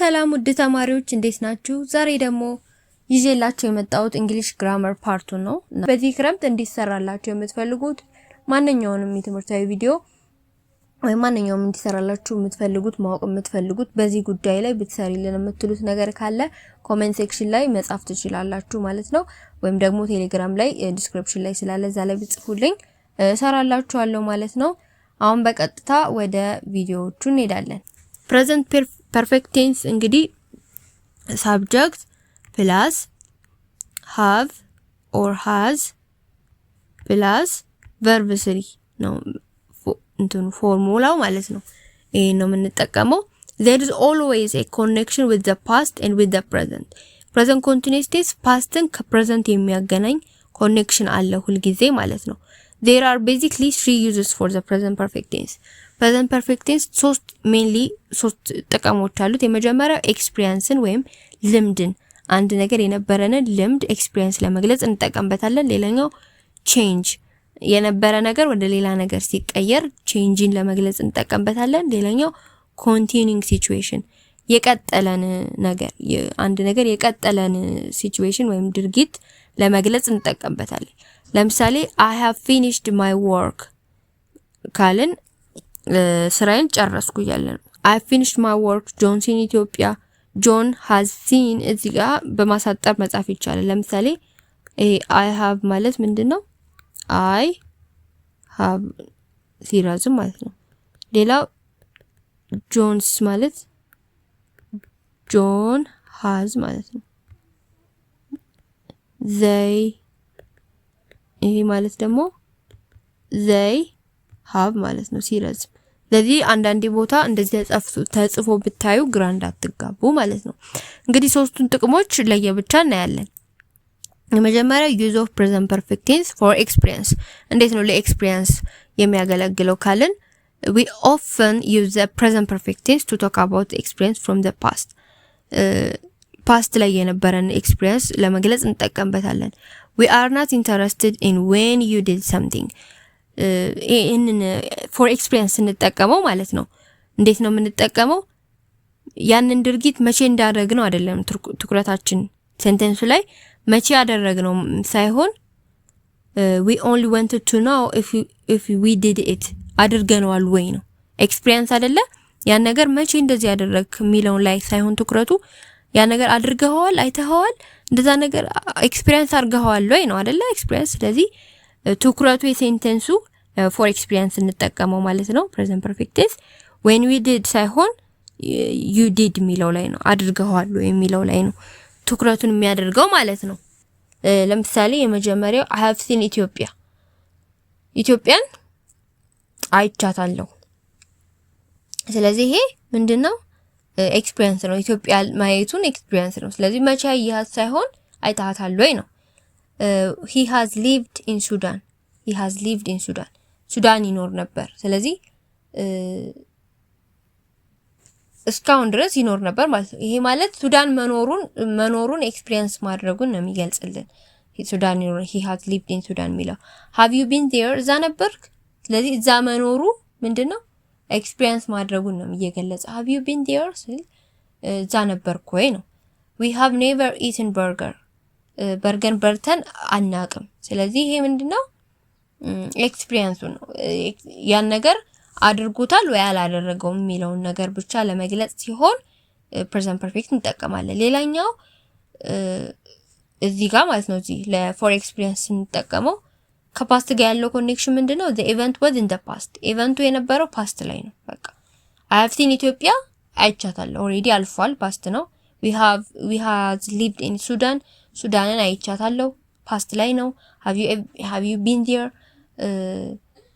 ሰላም ውድ ተማሪዎች እንዴት ናችሁ? ዛሬ ደግሞ ይዤላችሁ የመጣሁት እንግሊሽ ግራመር ፓርቱ ነው። በዚህ ክረምት እንዲሰራላችሁ የምትፈልጉት ማንኛውንም የትምህርታዊ ቪዲዮ ወይም ማንኛውም እንዲሰራላችሁ የምትፈልጉት ማወቅ የምትፈልጉት በዚህ ጉዳይ ላይ ብትሰሪልን የምትሉት ነገር ካለ ኮመንት ሴክሽን ላይ መጻፍ ትችላላችሁ ማለት ነው። ወይም ደግሞ ቴሌግራም ላይ ዲስክሪፕሽን ላይ ስላለ እዛ ላይ ብጽፉልኝ እሰራላችኋለሁ ማለት ነው። አሁን በቀጥታ ወደ ቪዲዮዎቹ እንሄዳለን። ፕሬዘንት ፐርፌክት ቴንስ እንግዲህ ሳብጀክት ፕላስ ሃቭ ኦር ሃዝ ፕላስ ቨርብ ስሪ ነው እንትኑ ፎርሙላው ማለት ነው። ይሄን ነው የምንጠቀመው። ዜር ኢዝ ኦልዌይዝ ኤ ኮኔክሽን ዊዝ ዘ ፓስት ኤንድ ዊዝ ዘ ፕሬዘንት። ፕሬዘንት ኮንቲኒዩስ ቴንስ ፓስትን ከፕሬዘንት የሚያገናኝ ኮኔክሽን አለ ሁልጊዜ ማለት ነው። ዜር አር ቤዚክሊ ትሪ ዩዝስ ፎር ዘ ፕሬዘንት ፐርፌክት ቴንስ ፕሬዘንት ፐርፌክት ቴንስ ሶስት ሜንሊ ሶስት ጥቅሞች አሉት። የመጀመሪያው ኤክስፒሪየንስን ወይም ልምድን አንድ ነገር የነበረንን ልምድ ኤክስፒሪየንስ ለመግለጽ እንጠቀምበታለን። ሌላኛው ቼንጅ የነበረ ነገር ወደ ሌላ ነገር ሲቀየር ቼንጅን ለመግለጽ እንጠቀምበታለን። ሌላኛው ኮንቲኒንግ ሲቹዌሽን የቀጠለን ነገር አንድ ነገር የቀጠለን ሲቹዌሽን ወይም ድርጊት ለመግለጽ እንጠቀምበታለን። ለምሳሌ አይ ሃቭ ፊኒሽድ ማይ ወርክ ካልን ስራዬን ጨረስኩ እያለ ነው። አይ ፊኒሽ ማይ ወርክ ጆን ሲን ኢትዮጵያ ጆን ሃዝ ሲን እዚህ ጋር በማሳጠር መጻፍ ይቻላል። ለምሳሌ አይ ሃቭ ማለት ምንድን ነው? አይ ሃቭ ሲራዝም ማለት ነው። ሌላው ጆንስ ማለት ጆን ሃዝ ማለት ነው። ዘይ ይሄ ማለት ደግሞ ዘይ ሃቭ ማለት ነው ሲረዝም ስለዚህ አንዳንዴ ቦታ እንደዚህ ተጽፎ ብታዩ ግራ እንዳትጋቡ ማለት ነው። እንግዲህ ሶስቱን ጥቅሞች ለየብቻ እናያለን። የመጀመሪያው ዩዝ ኦፍ ፕሬዘንት ፐርፌክት ቴንስ ፎር ኤክስፒሪየንስ እንዴት ነው ለኤክስፒሪየንስ የሚያገለግለው ካልን ዊ ኦፍን ዩዝ ዘ ፕሬዘንት ፐርፌክት ቴንስ ቱ ቶክ አባውት ኤክስፒሪየንስ ፍሮም ዘ ፓስት ፓስት ላይ የነበረን ኤክስፒሪየንስ ለመግለጽ እንጠቀምበታለን። ዊ አር ናት ኢንተረስትድ ኢን ዌን ዩ ዲድ ሰምቲንግ ይህንን ፎር ኤክስፒሪየንስ ስንጠቀመው ማለት ነው። እንዴት ነው የምንጠቀመው? ያንን ድርጊት መቼ ነው አይደለም ትኩረታችን ሴንተንሱ ላይ መቼ ያደረግነው ሳይሆን ዊ ኦንሊ ወንት ቱ ነው ኢፍ ዊ ዲድ ኢት አድርገነዋል ወይ ነው። ኤክስፒሪየንስ አይደለ ያን ነገር መቼ እንደዚህ ያደረግ የሚለውን ላይ ሳይሆን ትኩረቱ ያ ነገር አድርገኸዋል፣ አይተኸዋል፣ እንደዛ ነገር ኤክስፒሪየንስ አድርገኸዋል ወይ ነው አይደለ ኤክስፒሪየንስ። ስለዚህ ትኩረቱ የሴንተንሱ ፎር uh, ኤክስፒሪየንስ እንጠቀመው ማለት ነው። ፕሬዘንት ፐርፌክት ቴንስ ዌን ዊ ዲድ ሳይሆን ዩ uh, ዲድ የሚለው ላይ ነው፣ አድርገዋል የሚለው ላይ ነው ትኩረቱን የሚያደርገው ማለት ነው። uh, ለምሳሌ የመጀመሪያው አይ ሃቭ ሲን ኢትዮጵያ፣ ኢትዮጵያን አይቻታለሁ። ስለዚህ ይሄ ምንድነው ኤክስፒሪየንስ ነው። ኢትዮጵያ ማየቱን ኤክስፒሪየንስ ነው። ስለዚህ መቼ ያያት ሳይሆን አይታታል ወይ ነው። ሂ ሃዝ ሊቭድ ኢን ሱዳን ሂ ሃዝ ሊቭድ ኢን ሱዳን ሱዳን ይኖር ነበር። ስለዚህ እስካሁን ድረስ ይኖር ነበር ማለት ነው። ይሄ ማለት ሱዳን መኖሩን መኖሩን ኤክስፒሪየንስ ማድረጉን ነው የሚገልጽልን። ሱዳን ይኖር ሂ ሃዝ ሊቭድ ኢን ሱዳን የሚለው ሃቭ ዩ ቢን ዴር እዛ ነበርክ። ስለዚህ እዛ መኖሩ ምንድነው ኤክስፒሪየንስ ማድረጉን ነው እየገለጸ ሃቭ ዩ ቢን ዴር ስል እዛ ነበርክ ወይ ነው። ዊ ሃቭ ኔቨር ኢትን በርገር በርገን በርተን አናቅም። ስለዚህ ይሄ ነው? ኤክስፒሪየንሱ ነው ያን ነገር አድርጎታል ወይ አላደረገውም የሚለውን ነገር ብቻ ለመግለጽ ሲሆን ፕሬዘንት ፐርፌክት እንጠቀማለን። ሌላኛው እዚህ ጋር ማለት ነው እዚህ ለፎር ኤክስፒሪየንስ ስንጠቀመው ከፓስት ጋር ያለው ኮኔክሽን ምንድነው? ዘ ኢቨንት ወዝ ኢን ዘ ፓስት ኢቨንቱ የነበረው ፓስት ላይ ነው። በቃ አይ ሃቭ ሲን ኢትዮጵያ አይቻታለሁ። ኦሬዲ አልፏል፣ ፓስት ነው። ዊ ሃቭ ዊ ሃዝ ሊቭድ ኢን ሱዳን ሱዳንን አይቻታለሁ፣ ፓስት ላይ ነው። ሃቭ ዩ ሃቭ ዩ ቢን ዜር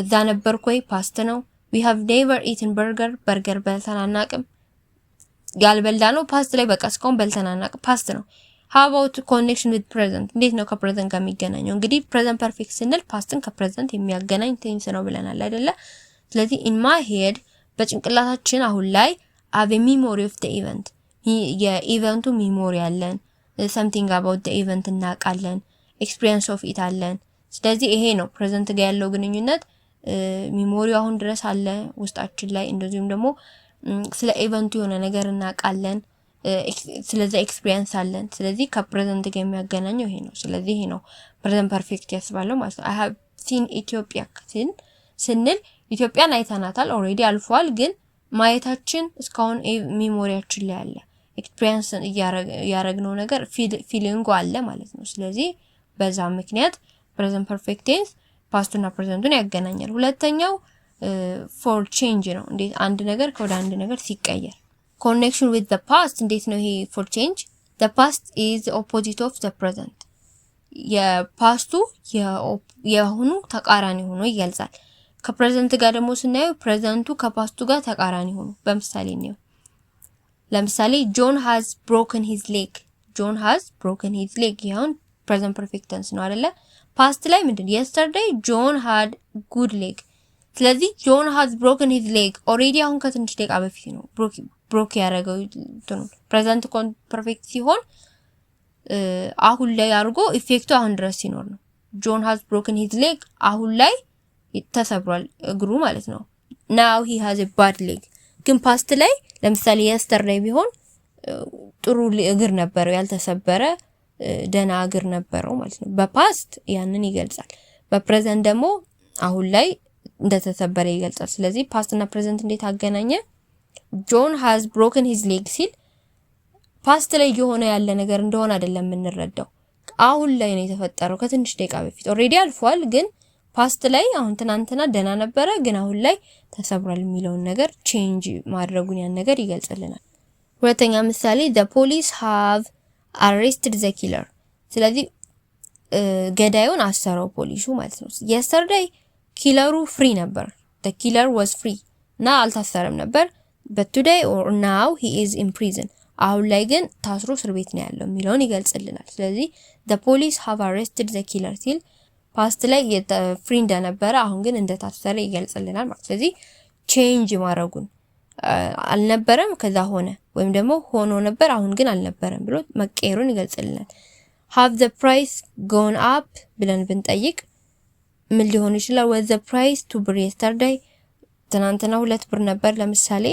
እዛ ነበርኩ ወይ ፓስት ነው። ዊ ሃቭ ኔቨር ኢትን በርገር በርገር በልተን አናቅም። ያልበላ ነው ፓስት ላይ በቃ እስካሁን በልተን አናቅም ፓስት ነው። ሀባውት ኮኔክሽን ዊዝ ፕሬዘንት እንዴት ነው ከፕሬዘንት ጋር የሚገናኘው? እንግዲህ ፕሬዘንት ፐርፌክት ስንል ፓስትን ከፕሬዘንት የሚያገናኝ ቴንስ ነው ብለናል አይደለ? ስለዚህ ኢን ማይ ሄድ በጭንቅላታችን አሁን ላይ አቭ ሚሞሪ ኦፍ ደ ኢቨንት የኢቨንቱ ሚሞሪ አለን። ሰምቲንግ አባውት ደ ኢቨንት እናውቃለን። ኤክስፒሪየንስ ኦፍ ኢት አለን። ስለዚህ ይሄ ነው ፕሬዘንት ጋር ያለው ግንኙነት። ሚሞሪው አሁን ድረስ አለ ውስጣችን ላይ። እንደዚሁም ደግሞ ስለ ኢቨንቱ የሆነ ነገር እናውቃለን፣ ስለዛ ኤክስፒሪየንስ አለን። ስለዚህ ከፕሬዘንት ጋር የሚያገናኘው ይሄ ነው። ስለዚህ ይሄ ነው ፕሬዘንት ፐርፌክት ያስባለው ማለት ነው። አይ ሲን ኢትዮጵያ ስንል ኢትዮጵያን አይተናታል፣ ኦልሬዲ አልፏል። ግን ማየታችን እስካሁን ሚሞሪያችን ላይ አለ። ኤክስፒሪየንስ እያረግነው ነገር ፊሊንጉ አለ ማለት ነው። ስለዚህ በዛ ምክንያት ፕሬዘንት ፐርፌክት ቴንስ ፓስቱና ፕሬዘንቱን ያገናኛል። ሁለተኛው ፎር ቼንጅ ነው። እንዴት አንድ ነገር ከወደ አንድ ነገር ሲቀየር። ኮኔክሽን ዊዝ ዘ ፓስት እንዴት ነው ይሄ ፎር ቼንጅ? ዘ ፓስት ኢዝ ኦፖዚት ኦፍ ዘ ፕሬዘንት የፓስቱ የአሁኑ ተቃራኒ ሆኖ ይገልጻል። ከፕሬዘንት ጋር ደግሞ ስናየው ፕሬዘንቱ ከፓስቱ ጋር ተቃራኒ ሆኖ በምሳሌ ነው። ለምሳሌ ጆን ሃዝ ብሮክን ሂዝ ሌግ ጆን ሃዝ ብሮክን ሂዝ ሌግ ይኸውን ፕሬዘንት ፐርፌክት ቴንስ ነው አይደለ? ፓስት ላይ ምንድን የስተርዴይ ጆን ሃድ ጉድ ሌግ። ስለዚህ ጆን ሃዝ ብሮክን ሂዝ ሌግ ኦሬዲ አሁን ከትንሽ ደቂቃ በፊት ነው ብሮክ ያደረገው። ፕሬዘንት ፐርፌክት ሲሆን አሁን ላይ አድርጎ ኢፌክቱ አሁን ድረስ ሲኖር ነው። ጆን ሃዝ ብሮክን ሂዝ ሌግ አሁን ላይ ተሰብሯል እግሩ ማለት ነው። ናው ሂ ሃዝ ባድ ሌግ። ግን ፓስት ላይ ለምሳሌ የስተርዴይ ቢሆን ጥሩ እግር ነበረው ያልተሰበረ ደና እግር ነበረው ማለት ነው። በፓስት ያንን ይገልጻል። በፕሬዘንት ደግሞ አሁን ላይ እንደተሰበረ ይገልጻል። ስለዚህ ፓስት እና ፕሬዘንት እንዴት አገናኘ? ጆን ሃዝ ብሮክን ሂዝ ሌግ ሲል ፓስት ላይ የሆነ ያለ ነገር እንደሆነ አይደለም የምንረዳው፣ አሁን ላይ ነው የተፈጠረው ከትንሽ ደቂቃ በፊት ኦሬዲ አልፏል። ግን ፓስት ላይ አሁን ትናንትና ደና ነበረ፣ ግን አሁን ላይ ተሰብሯል የሚለውን ነገር ቼንጅ ማድረጉን ያን ነገር ይገልጽልናል። ሁለተኛ ምሳሌ ፖሊስ ሃቭ አሬስትድ ዘ ኪለር። ስለዚህ ገዳዩን አሰረው ፖሊሱ ማለት ነው። የስተርዳይ ኪለሩ ፍሪ ነበር፣ ዘ ኪለር ዋዝ ፍሪ እና አልታሰረም ነበር። በት ቱዴይ ኦር ናው ሂ ኢዝ ኢን ፕሪዝን፣ አሁን ላይ ግን ታስሮ እስር ቤት ነው ያለው የሚለውን ይገልጽልናል። ስለዚህ ዘ ፖሊስ ሃቭ አሬስትድ ዘ ኪለር ሲል ፓስት ላይ ፍሪ እንደነበረ አሁን ግን እንደታሰረ ይገልጽልናል ማለት ስለዚህ ቼንጅ ማድረጉን አልነበረም ከዛ ሆነ ወይም ደግሞ ሆኖ ነበር አሁን ግን አልነበረም ብሎ መቀየሩን ይገልጽልናል። ሃቭ ዘ ፕራይስ ጎን አፕ ብለን ብንጠይቅ ምን ሊሆን ይችላል? ዘ ፕራይስ ቱ ብር የስተርዳይ ትናንትና ሁለት ብር ነበር ለምሳሌ፣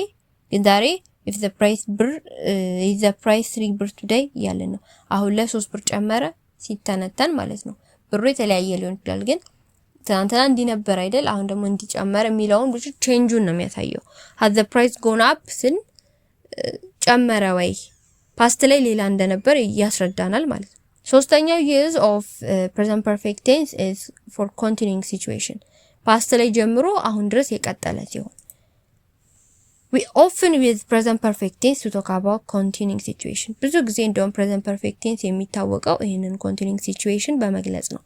ግን ዛሬ ኢፍ ዘ ፕራይስ ብር ኢፍ ዘ ፕራይስ ትሪ ብር ቱዴይ እያለን ነው። አሁን ላይ ሶስት ብር ጨመረ ሲተነተን ማለት ነው። ብሩ የተለያየ ሊሆን ይችላል ግን ትናንትና እንዲህ ነበር አይደል? አሁን ደግሞ እንዲጨመር የሚለውን ብዙ ቼንጁን ነው የሚያሳየው። ሀዘ ፕራይስ ጎን አፕ ስን ጨመረ ወይ ፓስት ላይ ሌላ እንደነበር ያስረዳናል ማለት ነው። ሶስተኛው ዩዝ ኦፍ ፕሬዘንት ፐርፌክት ቴንስ ኢዝ ፎር ኮንቲኒንግ ሲቹዌሽን ፓስት ላይ ጀምሮ አሁን ድረስ የቀጠለ ሲሆን ዊ ኦፍን ዊዝ ፕሬዘንት ፐርፌክት ቴንስ ቱ ቶክ አባውት ኮንቲኒንግ ሲቹዌሽን ብዙ ጊዜ እንደውም ፕሬዘንት ፐርፌክት ቴንስ የሚታወቀው ይህንን ኮንቲኒንግ ሲቹዌሽን በመግለጽ ነው።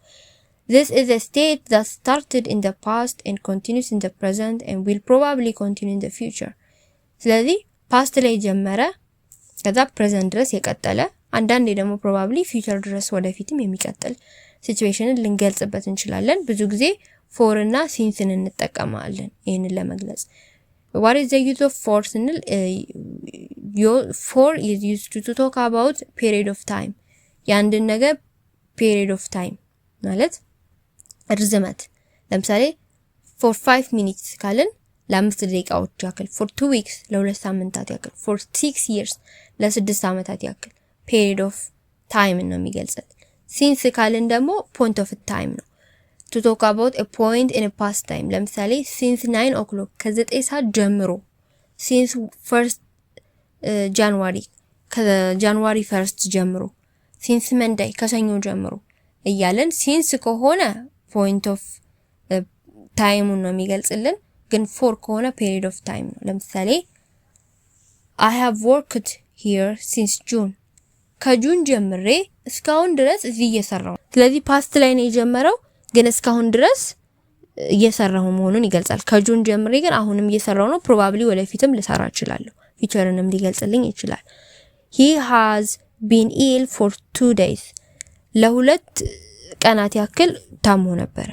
This is a state that started in the past and continues in the present and will probably continue in the future። ስለዚህ ፓስት ላይ ጀመረ ከዛ ፕሬዘንት ድረስ የቀጠለ አንዳንዴ ደግሞ ፕሮባብሊ ፊውቸር ድረስ ወደፊትም የሚቀጥል ሲትዌሽንን ልንገልጽበት እንችላለን። ብዙ ጊዜ ፎር እና ሲንስን እንጠቀማለን ይህንን ለመግለጽ። ዋት ኢዝ ዘ ዩዝ ኦፍ ፎር ስንል ፎር ኢዝ ዩዝድ ቱ ቶክ አባውት ፔሪድ ኦፍ ታይም የአንድን ነገር ፔሪድ ኦፍ ታይም ማለት ርዝመት ለምሳሌ ፎር ፋይቭ ሚኒትስ ካልን ለአምስት ደቂቃዎች ያክል፣ ፎር ቱ ዊክስ ለሁለት ሳምንታት ያክል፣ ፎር ሲክስ ይርስ ለስድስት ዓመታት ያክል ፔሪድ ኦፍ ታይም ነው የሚገልጽልን። ሲንስ ካልን ደግሞ ፖይንት ኦፍ ታይም ነው። ቱ ቶክ አባውት ፖይንት ኢን ፓስት ታይም ለምሳሌ ሲንስ ናይን ኦክሎክ ከዘጠኝ ሰዓት ጀምሮ፣ ሲንስ ፈርስት ጃንዋሪ ከጃንዋሪ ፈርስት ጀምሮ፣ ሲንስ መንዳይ ከሰኞ ጀምሮ እያለን ሲንስ ከሆነ ፖይንት ኦፍ ታይሙን ነው የሚገልጽልን። ግን ፎር ከሆነ ፔሪድ ኦፍ ታይም ነው። ለምሳሌ አይ ሃቭ ወርክድ ሂር ሲንስ ጁን፣ ከጁን ጀምሬ እስካሁን ድረስ እዚህ እየሰራሁ ስለዚህ ፓስት ላይ ነው የጀመረው፣ ግን እስካሁን ድረስ እየሰራሁ መሆኑን ይገልጻል። ከጁን ጀምሬ ግን አሁንም እየሰራሁ ነው። ፕሮባብሊ ወደፊትም ልሰራ እችላለሁ። ፊቸርንም ሊገልጽልኝ ይችላል። ሂ ሃዝ ቢን ኢል ፎር ቱ ዴይዝ ለሁለት ቀናት ያክል ታሞ ነበረ።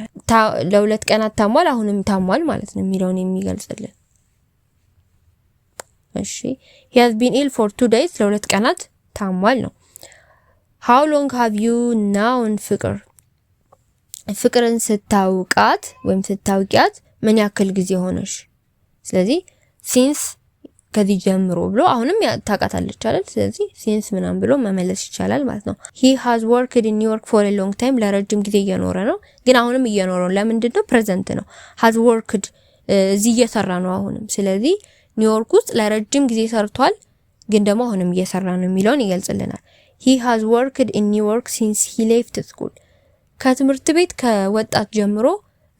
ለሁለት ቀናት ታሟል፣ አሁንም ታሟል ማለት ነው የሚለውን የሚገልጽልን። እሺ he has been ill for two ለሁለት ቀናት ታሟል ነው። how ሎንግ have ዩ ናውን ፍቅር ፍቅርን ስታውቃት ወይም ስታውቂያት ምን ያክል ጊዜ ሆነሽ? ስለዚህ ሲንስ ከዚህ ጀምሮ ብሎ አሁንም ታውቃታለች አይደል? ስለዚህ ሲንስ ምናምን ብሎ መመለስ ይቻላል ማለት ነው። ሂ ሃዝ ወርክድ ኢን ኒውዮርክ ፎር ሎንግ ታይም ለረጅም ጊዜ እየኖረ ነው፣ ግን አሁንም እየኖረ ነው። ለምንድን ነው? ፕሬዘንት ነው። ሃዝ ወርክድ እዚህ እየሰራ ነው አሁንም። ስለዚህ ኒውዮርክ ውስጥ ለረጅም ጊዜ ሰርቷል፣ ግን ደግሞ አሁንም እየሰራ ነው የሚለውን ይገልጽልናል። ሂ ሃዝ ወርክድ ኢን ኒውዮርክ ሲንስ ሂ ሌፍት ስኩል ከትምህርት ቤት ከወጣት ጀምሮ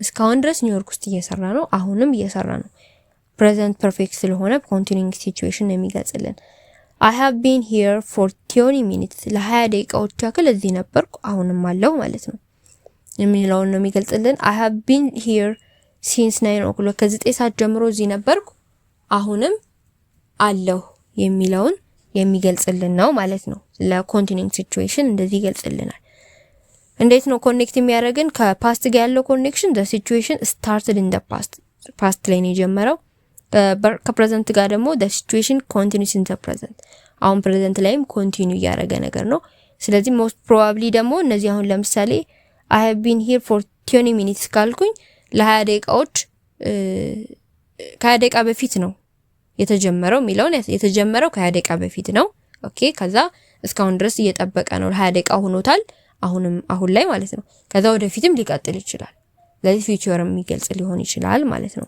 እስካሁን ድረስ ኒውዮርክ ውስጥ እየሰራ ነው። አሁንም እየሰራ ነው። ፕሬዘንት ፐርፌክት ስለሆነ ኮንቲኒንግ ሲቹዌሽን ነው የሚገልጽልን። አይ ሃቭ ቢን ሂር ፎር ቲዮኒ ሚኒትስ ለ20 ደቂቃዎች ያክል እዚህ ነበርኩ አሁንም አለው ማለት ነው የምንለውን ነው የሚገልጽልን። አይ ሃቭ ቢን ሂር ሲንስ ናይን ኦክሎክ ከዘጠኝ ሰዓት ጀምሮ እዚህ ነበርኩ አሁንም አለሁ የሚለውን የሚገልጽልን ነው ማለት ነው። ለኮንቲኒንግ ሲቹዌሽን እንደዚህ ይገልጽልናል። እንዴት ነው ኮኔክት የሚያደርግን? ከፓስት ጋር ያለው ኮኔክሽን ዘ ሲቹዌሽን ስታርትድ ኢን ዘ ፓስት ፓስት ላይ ነው የጀመረው። ከፕሬዘንት ጋር ደግሞ the situation continues in አሁን ፕሬዘንት ላይም ኮንቲኒው እያደረገ ነገር ነው። ስለዚህ ሞስት ፕሮባብሊ ደግሞ እነዚህ አሁን ለምሳሌ አይ have ቢን ሂር ፎር 20 ሚኒትስ ካልኩኝ ለ20 ደቂቃዎች ከ20 ደቂቃ በፊት ነው የተጀመረው የሚለውን የተጀመረው ከ20 ደቂቃ በፊት ነው። ኦኬ ከዛ እስካሁን ድረስ እየጠበቀ ነው። ለ20 ደቂቃ ሆኖታል። አሁንም አሁን ላይ ማለት ነው። ከዛ ወደፊትም ሊቀጥል ይችላል። ለዚህ ፊውቸርም የሚገልጽ ሊሆን ይችላል ማለት ነው።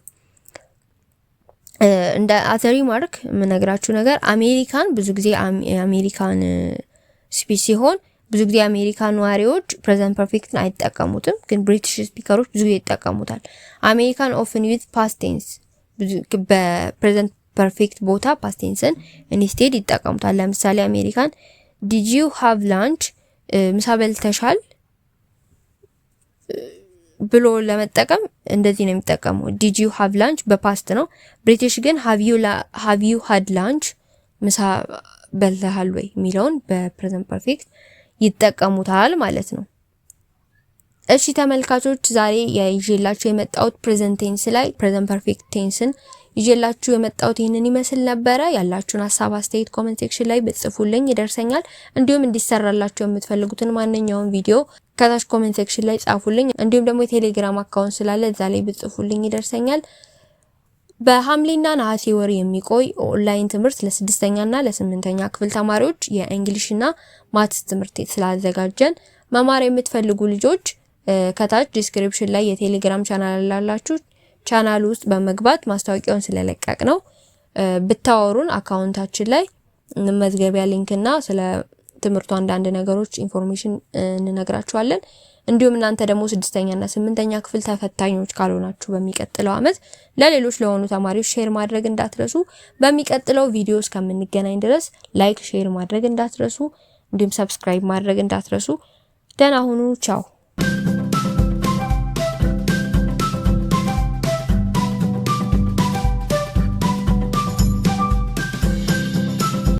እንደ አተሪ ማርክ የምነግራችሁ ነገር አሜሪካን ብዙ ጊዜ አሜሪካን ስፒች ሲሆን ብዙ ጊዜ አሜሪካን ነዋሪዎች ፕሬዘንት ፐርፌክትን አይጠቀሙትም፣ ግን ብሪቲሽ ስፒከሮች ብዙ ጊዜ ይጠቀሙታል። አሜሪካን ኦፍን ዊዝ ፓስቴንስ በፕሬዘንት ፐርፌክት ቦታ ፓስቴንስን ኢንስቴድ ይጠቀሙታል። ለምሳሌ አሜሪካን ዲጂው ሃቭ ላንች ምሳ በልተሻል ብሎ ለመጠቀም እንደዚህ ነው የሚጠቀመው ዲጂ ዩ ሃቭ ላንች በፓስት ነው። ብሪቲሽ ግን ሃቭ ዩ ሃድ ላንች ምሳ በልተሃል ወይ የሚለውን በፕሬዘንት ፐርፌክት ይጠቀሙታል ማለት ነው። እሺ ተመልካቾች ዛሬ ይዤላችሁ የመጣሁት ፕሬዘንት ቴንስ ላይ ፕሬዘንት ፐርፌክት ቴንስን ይዤላችሁ የመጣሁት ይህንን ይመስል ነበረ። ያላችሁን ሀሳብ አስተያየት ኮመንት ሴክሽን ላይ ብጽፉልኝ ይደርሰኛል። እንዲሁም እንዲሰራላችሁ የምትፈልጉትን ማንኛውም ቪዲዮ ከታች ኮሜንት ሴክሽን ላይ ጻፉልኝ። እንዲሁም ደግሞ የቴሌግራም አካውንት ስላለ እዛ ላይ ብጽፉልኝ ይደርሰኛል። በሐምሌና ነሐሴ ወር የሚቆይ ኦንላይን ትምህርት ለስድስተኛና ለስምንተኛ ክፍል ተማሪዎች የእንግሊሽና ማትስ ትምህርት ስላዘጋጀን መማር የምትፈልጉ ልጆች ከታች ዲስክሪፕሽን ላይ የቴሌግራም ቻናል ላላችሁ ቻናል ውስጥ በመግባት ማስታወቂያውን ስለለቀቅ ነው ብታወሩን አካውንታችን ላይ መዝገቢያ ሊንክና ስለ ትምህርቱ አንዳንድ ነገሮች ኢንፎርሜሽን እንነግራችኋለን። እንዲሁም እናንተ ደግሞ ስድስተኛና ስምንተኛ ክፍል ተፈታኞች ካልሆናችሁ በሚቀጥለው አመት ለሌሎች ለሆኑ ተማሪዎች ሼር ማድረግ እንዳትረሱ። በሚቀጥለው ቪዲዮ እስከምንገናኝ ድረስ ላይክ፣ ሼር ማድረግ እንዳትረሱ፣ እንዲሁም ሰብስክራይብ ማድረግ እንዳትረሱ። ደህና ሁኑ። ቻው